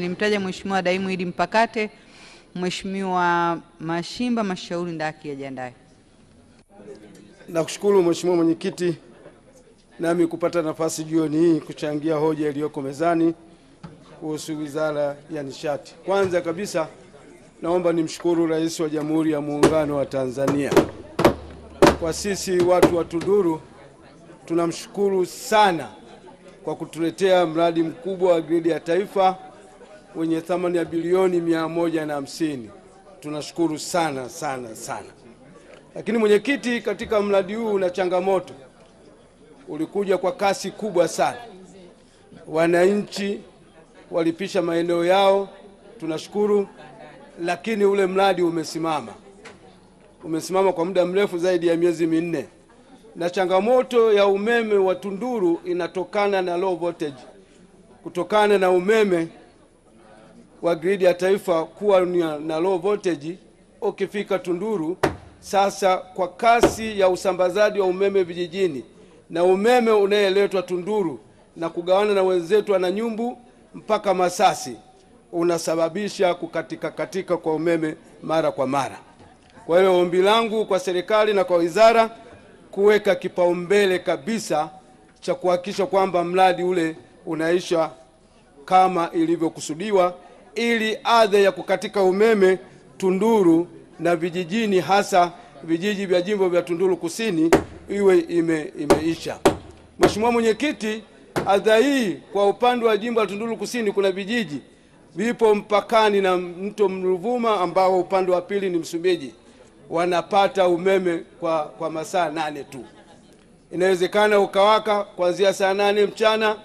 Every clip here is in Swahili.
nilimtaja Mheshimiwa Daimu ili Mpakate, Mheshimiwa Mashimba Mashauri Ndaki ajiandae. Nakushukuru Mheshimiwa Mwenyekiti nami kupata nafasi jioni hii kuchangia hoja iliyoko mezani kuhusu Wizara ya Nishati. Kwanza kabisa naomba nimshukuru Rais wa Jamhuri ya Muungano wa Tanzania. Kwa sisi watu wa Tunduru tunamshukuru sana kwa kutuletea mradi mkubwa wa gridi ya taifa wenye thamani ya bilioni mia moja na hamsini. Tunashukuru sana sana sana. Lakini mwenyekiti, katika mradi huu na changamoto ulikuja kwa kasi kubwa sana, wananchi walipisha maeneo yao, tunashukuru. Lakini ule mradi umesimama, umesimama kwa muda mrefu zaidi ya miezi minne, na changamoto ya umeme wa Tunduru inatokana na low voltage, kutokana na umeme wa gridi ya taifa kuwa na low voltage ukifika Tunduru. Sasa kwa kasi ya usambazaji wa umeme vijijini na umeme unayeletwa Tunduru na kugawana na wenzetu na nyumbu mpaka Masasi unasababisha kukatika katika kwa umeme mara kwa mara. Kwa hiyo ombi langu kwa serikali na kwa wizara kuweka kipaumbele kabisa cha kuhakikisha kwamba mradi ule unaisha kama ilivyokusudiwa ili adha ya kukatika umeme Tunduru na vijijini, hasa vijiji vya jimbo vya Tunduru Kusini iwe ime, imeisha. Mheshimiwa Mwenyekiti, adha hii kwa upande wa jimbo la Tunduru Kusini kuna vijiji vipo mpakani na mto Mruvuma ambao upande wa pili ni Msumbiji, wanapata umeme kwa, kwa masaa nane tu. Inawezekana ukawaka kuanzia saa nane mchana,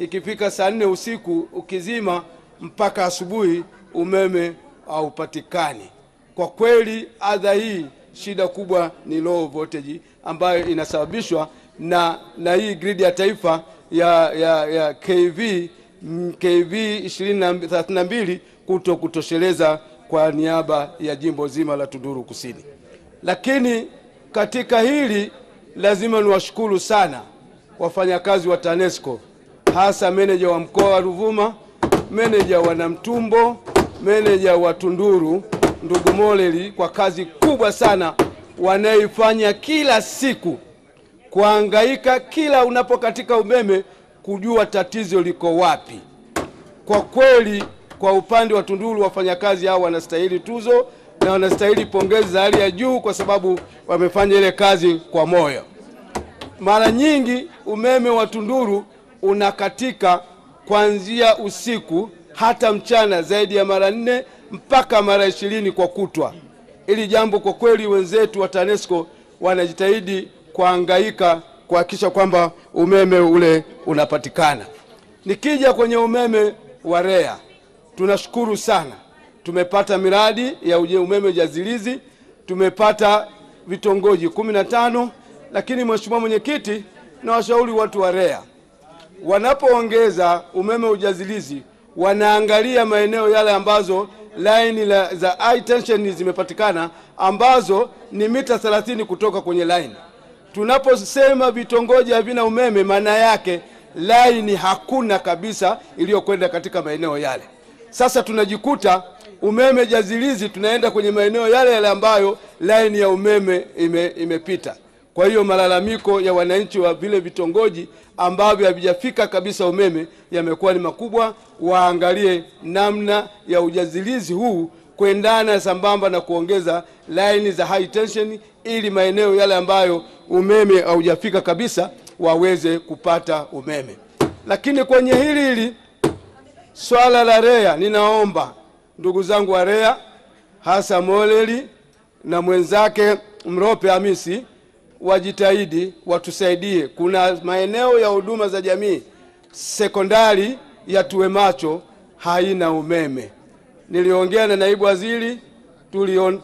ikifika saa nne usiku ukizima mpaka asubuhi umeme haupatikani. Kwa kweli, adha hii, shida kubwa ni low voltage ambayo inasababishwa na, na hii gridi ya taifa ya, ya, ya KV KV 2032 kuto kutosheleza kwa niaba ya jimbo zima la Tunduru Kusini. Lakini katika hili lazima niwashukuru sana wafanyakazi wa TANESCO hasa meneja wa mkoa wa Ruvuma meneja wa Namtumbo, meneja wa Tunduru, ndugu Moleli kwa kazi kubwa sana wanayoifanya kila siku, kuangaika kila unapokatika umeme kujua tatizo liko wapi. Kwa kweli, kwa upande wa Tunduru wafanyakazi hao wanastahili tuzo na wanastahili pongezi za hali ya juu, kwa sababu wamefanya ile kazi kwa moyo. Mara nyingi umeme wa Tunduru unakatika kuanzia usiku hata mchana zaidi ya mara nne mpaka mara ishirini kwa kutwa. Ili jambo kwa kweli, wenzetu wa TANESCO wanajitahidi kuhangaika kuhakikisha kwamba umeme ule unapatikana. Nikija kwenye umeme wa REA, tunashukuru sana, tumepata miradi ya umeme jazilizi, tumepata vitongoji kumi na tano, lakini mheshimiwa mwenyekiti, na washauri watu wa REA wanapoongeza umeme ujazilizi wanaangalia maeneo yale ambazo laini la, za high tension zimepatikana ambazo ni mita 30 kutoka kwenye laini. Tunaposema vitongoji havina umeme, maana yake laini hakuna kabisa iliyokwenda katika maeneo yale. Sasa tunajikuta umeme jazilizi tunaenda kwenye maeneo yale yale ambayo laini ya umeme ime, imepita. Kwa hiyo malalamiko ya wananchi wa vile vitongoji ambavyo havijafika kabisa umeme yamekuwa ni makubwa. Waangalie namna ya ujazilizi huu kuendana sambamba na kuongeza laini za high tension, ili maeneo yale ambayo umeme haujafika kabisa waweze kupata umeme. Lakini kwenye hili hili swala la REA, ninaomba ndugu zangu wa REA hasa Moleli na mwenzake Mrope Hamisi wajitahidi watusaidie. Kuna maeneo ya huduma za jamii sekondari ya Tuwe Macho haina umeme. Niliongea na naibu waziri,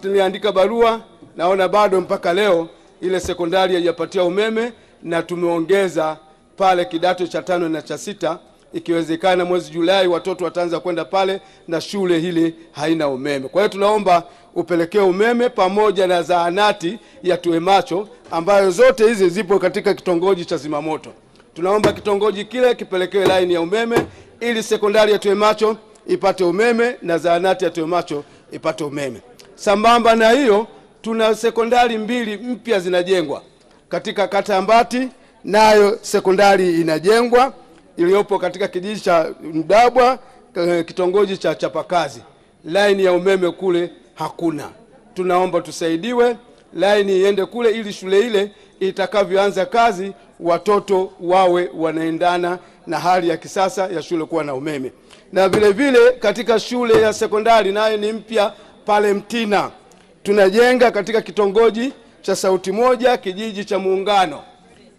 tuliandika barua, naona bado mpaka leo ile sekondari haijapatia umeme, na tumeongeza pale kidato cha tano na cha sita ikiwezekana mwezi Julai watoto wataanza kwenda pale, na shule hili haina umeme. Kwa hiyo tunaomba upelekee umeme pamoja na zahanati ya Tuemacho ambayo zote hizi zipo katika kitongoji cha Zimamoto. Tunaomba kitongoji kile kipelekewe laini ya umeme ili sekondari ya Tuemacho ipate umeme na zahanati ya Tuemacho ipate umeme. Sambamba na hiyo, tuna sekondari mbili mpya zinajengwa katika kata ya Mbati, nayo sekondari inajengwa iliyopo katika kijiji cha Mdabwa eh, kitongoji cha Chapakazi, laini ya umeme kule hakuna. Tunaomba tusaidiwe laini iende kule, ili shule ile itakavyoanza kazi watoto wawe wanaendana na hali ya kisasa ya shule kuwa na umeme. Na vile vile katika shule ya sekondari nayo ni mpya pale Mtina, tunajenga katika kitongoji cha Sauti Moja, kijiji cha Muungano,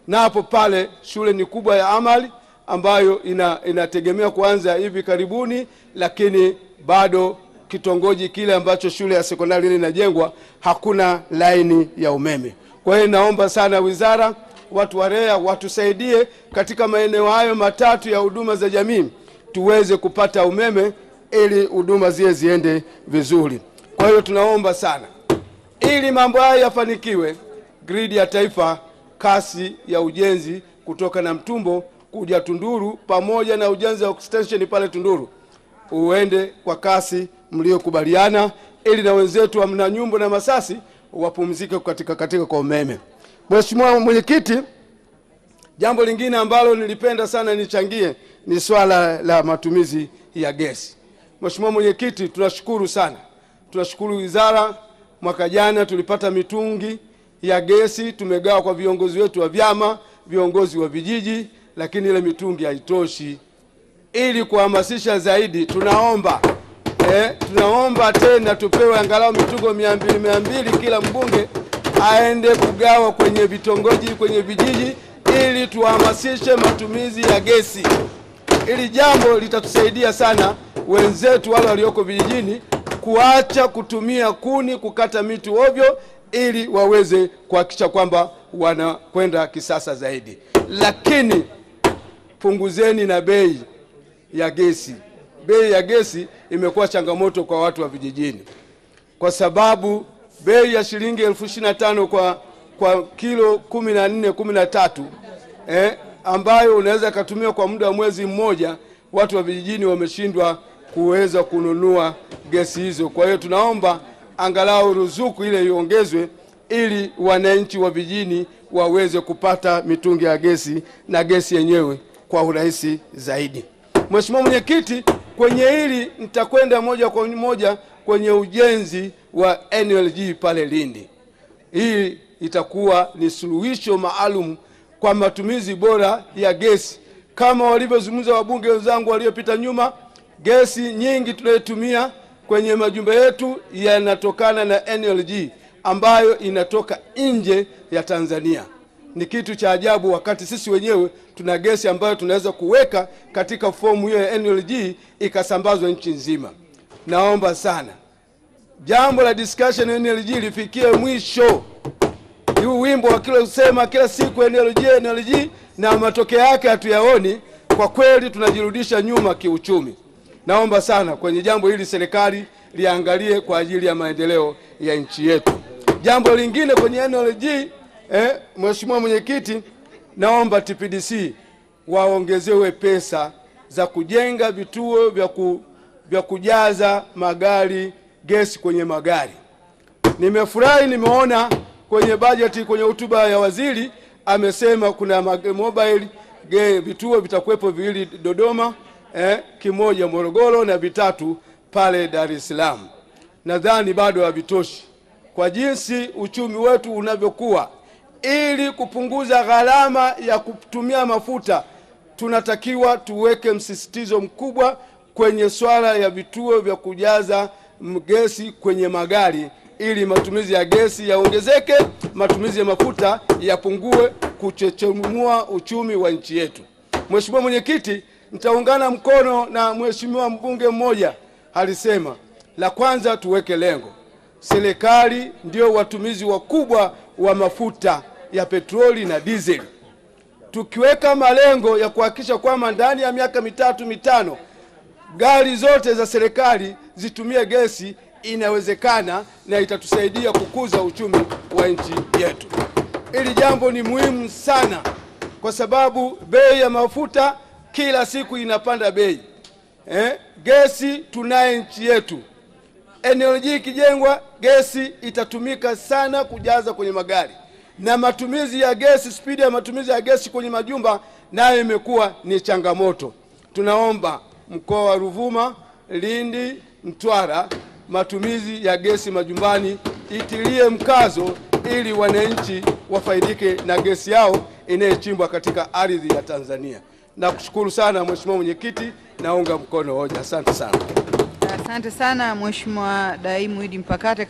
napo pale shule ni kubwa ya amali ambayo ina, inategemea kuanza hivi karibuni, lakini bado kitongoji kile ambacho shule ya sekondari ile inajengwa hakuna laini ya umeme. Kwa hiyo naomba sana wizara, watu wa REA watusaidie katika maeneo hayo matatu ya huduma za jamii tuweze kupata umeme ili huduma zile ziende vizuri. Kwa hiyo tunaomba sana ili mambo hayo yafanikiwe, gridi ya taifa, kasi ya ujenzi kutoka na mtumbo kuja Tunduru pamoja na ujenzi wa extension pale Tunduru uende kwa kasi mliokubaliana ili na wenzetu wa Mnanyumbu na Masasi wapumzike katika katika kwa umeme. Mheshimiwa Mwenyekiti, jambo lingine ambalo nilipenda sana nichangie ni swala la matumizi ya gesi. Mheshimiwa Mwenyekiti, tunashukuru sana, tunashukuru wizara. Mwaka jana tulipata mitungi ya gesi tumegawa kwa viongozi wetu wa vyama, viongozi wa vijiji lakini ile mitungi haitoshi. Ili kuhamasisha zaidi, tunaomba eh, tunaomba tena tupewe angalau mitungo mia mbili mia mbili kila mbunge aende kugawa kwenye vitongoji, kwenye vijiji, ili tuhamasishe matumizi ya gesi. Hili jambo litatusaidia sana wenzetu wale walioko vijijini kuacha kutumia kuni kukata miti ovyo, ili waweze kuhakikisha kwamba wanakwenda kisasa zaidi, lakini punguzeni na bei ya gesi. Bei ya gesi imekuwa changamoto kwa watu wa vijijini, kwa sababu bei ya shilingi elfu ishirini na tano kwa, kwa kilo kumi na nne kumi na tatu eh, ambayo unaweza ikatumia kwa muda wa mwezi mmoja. Watu wa vijijini wameshindwa kuweza kununua gesi hizo. Kwa hiyo tunaomba angalau ruzuku ile iongezwe ili wananchi wa vijijini waweze kupata mitungi ya gesi na gesi yenyewe kwa urahisi zaidi. Mheshimiwa Mwenyekiti, kwenye hili nitakwenda moja kwa moja kwenye ujenzi wa NLG pale Lindi. Hii itakuwa ni suluhisho maalum kwa matumizi bora ya gesi. Kama walivyozungumza wabunge wenzangu waliopita nyuma, gesi nyingi tunayotumia kwenye majumba yetu yanatokana na NLG ambayo inatoka nje ya Tanzania ni kitu cha ajabu, wakati sisi wenyewe tuna gesi ambayo tunaweza kuweka katika fomu hiyo ya NLG ikasambazwa nchi nzima. Naomba sana jambo la discussion ya NLG lifikie mwisho. Huu wimbo wakilosema kila siku NLG NLG, na matokeo yake hatuyaoni, kwa kweli tunajirudisha nyuma kiuchumi. Naomba sana kwenye jambo hili serikali liangalie kwa ajili ya maendeleo ya nchi yetu. Jambo lingine kwenye NLG Eh, Mheshimiwa Mwenyekiti, naomba TPDC waongezewe pesa za kujenga vituo vya, ku, vya kujaza magari gesi kwenye magari. Nimefurahi, nimeona kwenye bajeti, kwenye hotuba ya waziri amesema kuna mobile ge, vituo vitakuwepo viwili Dodoma, eh, kimoja Morogoro na vitatu pale Dar es Salaam. Nadhani bado havitoshi kwa jinsi uchumi wetu unavyokuwa ili kupunguza gharama ya kutumia mafuta, tunatakiwa tuweke msisitizo mkubwa kwenye swala ya vituo vya kujaza gesi kwenye magari ili matumizi ya gesi yaongezeke, matumizi ya mafuta yapungue, kuchechemua uchumi wa nchi yetu. Mheshimiwa Mwenyekiti, nitaungana mkono na mheshimiwa mbunge mmoja alisema, la kwanza tuweke lengo, serikali ndio watumizi wakubwa wa mafuta ya petroli na diesel, tukiweka malengo ya kuhakikisha kwamba ndani ya miaka mitatu mitano gari zote za serikali zitumie gesi. Inawezekana na itatusaidia kukuza uchumi wa nchi yetu. Hili jambo ni muhimu sana, kwa sababu bei ya mafuta kila siku inapanda bei eh. Gesi tunaye nchi yetu. Eneo ikijengwa, gesi itatumika sana kujaza kwenye magari na matumizi ya gesi, spidi ya matumizi ya gesi kwenye majumba nayo imekuwa ni changamoto. Tunaomba mkoa wa Ruvuma, Lindi, Mtwara, matumizi ya gesi majumbani itilie mkazo ili wananchi wafaidike na gesi yao inayochimbwa katika ardhi ya Tanzania. Nakushukuru sana Mheshimiwa Mwenyekiti, naunga mkono hoja. Asante sana. Asante sana Mheshimiwa Daimu Idi Mpakate.